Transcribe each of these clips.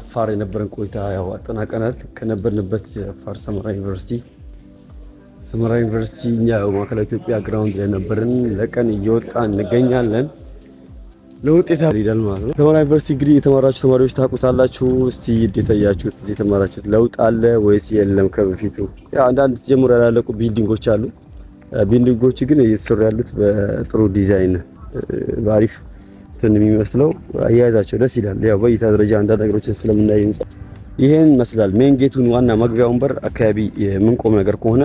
አፋር የነበረን ቆይታ ያው አጠናቀናል። ከነበርንበት የአፋር ሰመራ ዩኒቨርሲቲ ሰመራ ዩኒቨርሲቲ እኛ ማዕከላዊ ኢትዮጵያ ግራውንድ ለነበርን ለቀን እየወጣ እንገኛለን። ለውጤት ይሄዳል ማለት ነው። ሰመራ ዩኒቨርሲቲ እንግዲህ የተማራችሁ ተማሪዎች ታውቁታላችሁ። እስቲ የታያችሁት እዚህ የተማራችሁት ለውጥ አለ ወይስ የለም? ከበፊቱ አንዳንድ ጀምሮ ያላለቁ ቢልዲንጎች አሉ። ቢልዲንጎች ግን እየተሰሩ ያሉት በጥሩ ዲዛይን በአሪፍ እንትን የሚመስለው አያያዛቸው ደስ ይላል። ያው በእይታ ደረጃ አንዳንድ ነገሮችን ስለምናይ ህንጻ ይሄን ይመስላል። ሜን ጌቱን ዋና መግቢያውን በር አካባቢ የምንቆም ነገር ከሆነ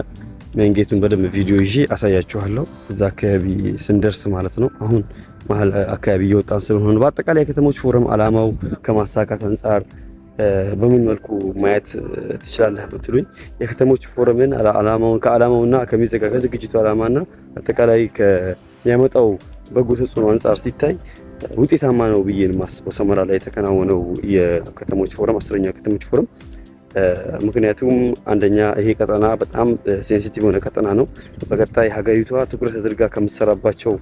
ሜን ጌቱን በደንብ ቪዲዮ ይዤ አሳያችኋለሁ እዛ አካባቢ ስንደርስ ማለት ነው። አሁን መሀል አካባቢ እየወጣን ስለሆነ በአጠቃላይ የከተሞች ፎረም አላማው ከማሳካት አንጻር በምን መልኩ ማየት ትችላለህ ብትሉኝ የከተሞች ፎረምን አላማውን ከአላማውና ከሚዘጋ ዝግጅቱ አላማና አጠቃላይ ከሚያመጣው በጎ ተጽዕኖ አንጻር ሲታይ ውጤታማ ነው ብዬ ማስበው ሰመራ ላይ የተከናወነው የከተሞች ፎረም አስረኛ ከተሞች ፎረም ምክንያቱም አንደኛ ይሄ ቀጠና በጣም ሴንሲቲቭ የሆነ ቀጠና ነው። በቀጣይ ሀገሪቷ ትኩረት አድርጋ ከምትሰራባቸው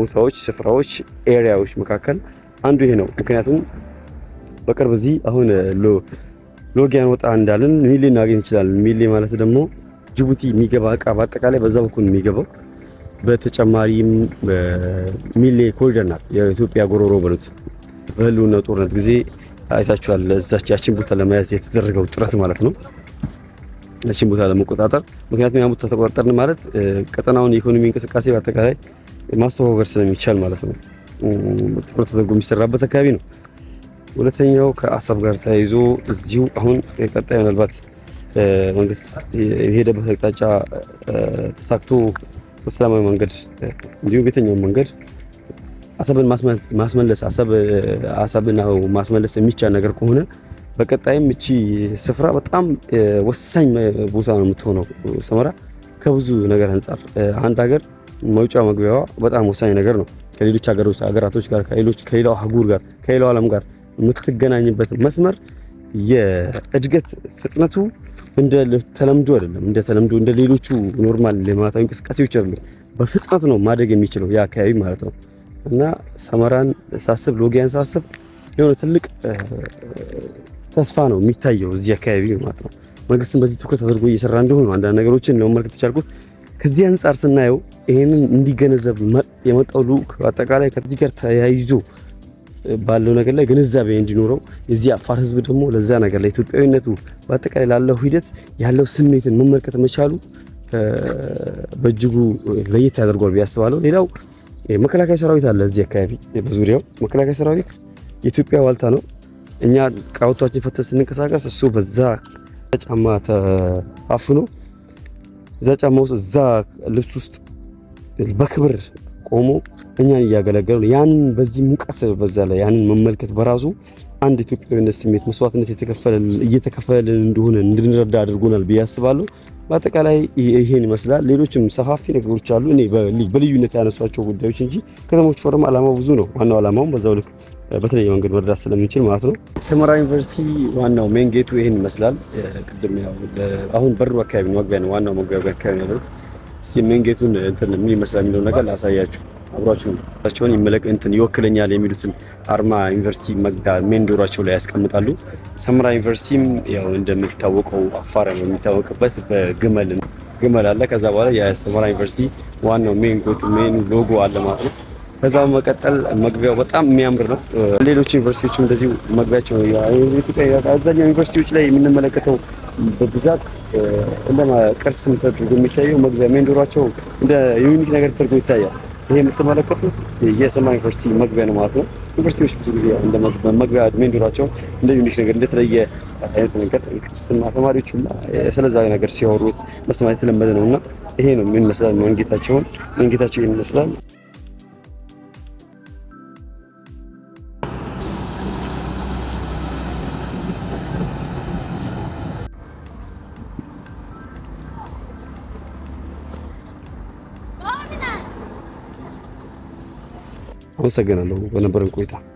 ቦታዎች፣ ስፍራዎች፣ ኤሪያዎች መካከል አንዱ ይሄ ነው። ምክንያቱም በቅርብ እዚህ አሁን ሎጊያን ወጣ እንዳለን ሚሊ እናገኝ እንችላለን። ሚሊ ማለት ደግሞ ጅቡቲ የሚገባ እቃ በአጠቃላይ በዛ በኩል የሚገባው በተጨማሪም ሚሌ ኮሪደር ናት። የኢትዮጵያ ጎሮሮ በሉት በህልውና ጦርነት ጊዜ አይታችኋል። እዛች ያችን ቦታ ለመያዝ የተደረገው ጥረት ማለት ነው። ያችን ቦታ ለመቆጣጠር ምክንያቱም ያን ቦታ ተቆጣጠርን ማለት ቀጠናውን የኢኮኖሚ እንቅስቃሴ በአጠቃላይ ማስተዋወር ስለሚቻል ማለት ነው። ትኩረት ተደርጎ የሚሰራበት አካባቢ ነው። ሁለተኛው ከአሰብ ጋር ተያይዞ እዚሁ አሁን ቀጣይ ምናልባት መንግስት የሄደበት አቅጣጫ ተሳክቶ በሰላማዊ መንገድ እንዲሁም ቤተኛውን መንገድ አሰብን ማስመለስ አሰብን ማስመለስ የሚቻል ነገር ከሆነ በቀጣይም እቺ ስፍራ በጣም ወሳኝ ቦታ ነው የምትሆነው። ሰመራ ከብዙ ነገር አንጻር አንድ ሀገር መውጫ መግቢያዋ በጣም ወሳኝ ነገር ነው። ከሌሎች ሀገሮች ሀገራቶች ጋር ከሌሎች ከሌላው አህጉር ጋር ከሌላው ዓለም ጋር የምትገናኝበት መስመር የእድገት ፍጥነቱ እንደ ተለምዶ አይደለም፣ እንደ ተለምዶ እንደ ሌሎቹ ኖርማል ልማታዊ እንቅስቃሴዎች አይደለም። በፍጥነት ነው ማደግ የሚችለው ያ አካባቢ ማለት ነው። እና ሰመራን ሳስብ፣ ሎጊያን ሳስብ የሆነ ትልቅ ተስፋ ነው የሚታየው እዚህ አካባቢ ማለት ነው። መንግስትም በዚህ ትኩረት አድርጎ እየሰራ እንደሆነ አንዳንድ ነገሮችን ለመመልከት የቻልኩት ከዚህ አንጻር ስናየው ይህንን እንዲገነዘብ የመጣው ልዑክ አጠቃላይ ከዚህ ጋር ተያይዞ ባለው ነገር ላይ ግንዛቤ እንዲኖረው የዚህ አፋር ህዝብ ደግሞ ለዛ ነገር ላይ ኢትዮጵያዊነቱ በአጠቃላይ ላለው ሂደት ያለው ስሜትን መመልከት መቻሉ በእጅጉ ለየት ያደርጓል ብዬ ሌላው መከላከያ ሰራዊት አለ እዚህ አካባቢ በዙሪያው መከላከያ ሰራዊት የኢትዮጵያ ዋልታ ነው። እኛ ቃውቷችን ፈተን ስንንቀሳቀስ እሱ በዛ ጫማ ተአፍኖ እዛ ጫማ ውስጥ እዛ ልብስ ውስጥ በክብር ቆሞ እኛን እያገለገሉ ያንን በዚህ ሙቀት በዛ ላይ ያንን መመልከት በራሱ አንድ ኢትዮጵያዊነት ስሜት መስዋዕትነት እየተከፈለልን እንደሆነ እንድንረዳ አድርጎናል ብዬ አስባለሁ። በአጠቃላይ ይሄን ይመስላል። ሌሎችም ሰፋፊ ነገሮች አሉ። እኔ በልዩነት ያነሷቸው ጉዳዮች እንጂ ከተሞች ፎረም አላማው ብዙ ነው። ዋናው አላማውም በዛው ልክ በተለየ መንገድ መረዳት ስለምንችል ማለት ነው። ሰመራ ዩኒቨርሲቲ ዋናው ሜን ጌቱ ይሄን ይመስላል። ቅድም ያው አሁን በሩ አካባቢ ነው፣ መግቢያ ነው፣ ዋናው መግቢያ አካባቢ ያሉት መንጌቱን እንትን ምን ይመስላል የሚለው ነገር ላሳያችሁ። አብሯችሁ ቸውን ይመለክ እንትን ይወክለኛል የሚሉትን አርማ ዩኒቨርሲቲ መግዳ ሜን ዶሯቸው ላይ ያስቀምጣሉ። ሰምራ ዩኒቨርሲቲም ያው እንደሚታወቀው አፋር ነው የሚታወቅበት በግመል ግመል አለ። ከዛ በኋላ የሰምራ ዩኒቨርሲቲ ዋናው ሜን ጎቱ ሜን ሎጎ አለ ማለት ነው። ከዛ መቀጠል መግቢያው በጣም የሚያምር ነው። ሌሎች ዩኒቨርሲቲዎች እንደዚሁ መግቢያቸው አብዛኛው ዩኒቨርሲቲዎች ላይ የምንመለከተው በብዛት እንደ ቅርስም ተደርጎ የሚታየው መግቢያ ሜን እንደ ዩኒክ ነገር ተደርጎ ይታያል። ይሄ የምትመለከቱት የሰማ ዩኒቨርሲቲ መግቢያ ነው ማለት ነው። ዩኒቨርሲቲዎች ብዙ ጊዜ እንደ መግቢያ ሜን እንደ ዩኒክ ነገር እንደተለየ አይነት ነገር ቅርስና ተማሪዎች ሁላ ስለዛ ነገር ሲያወሩት መስማት የተለመደ ነው እና ይሄ ነው ምን መንጌታቸውን መንጌታቸው ይመስላል አመሰግናለሁ በነበረን ቆይታ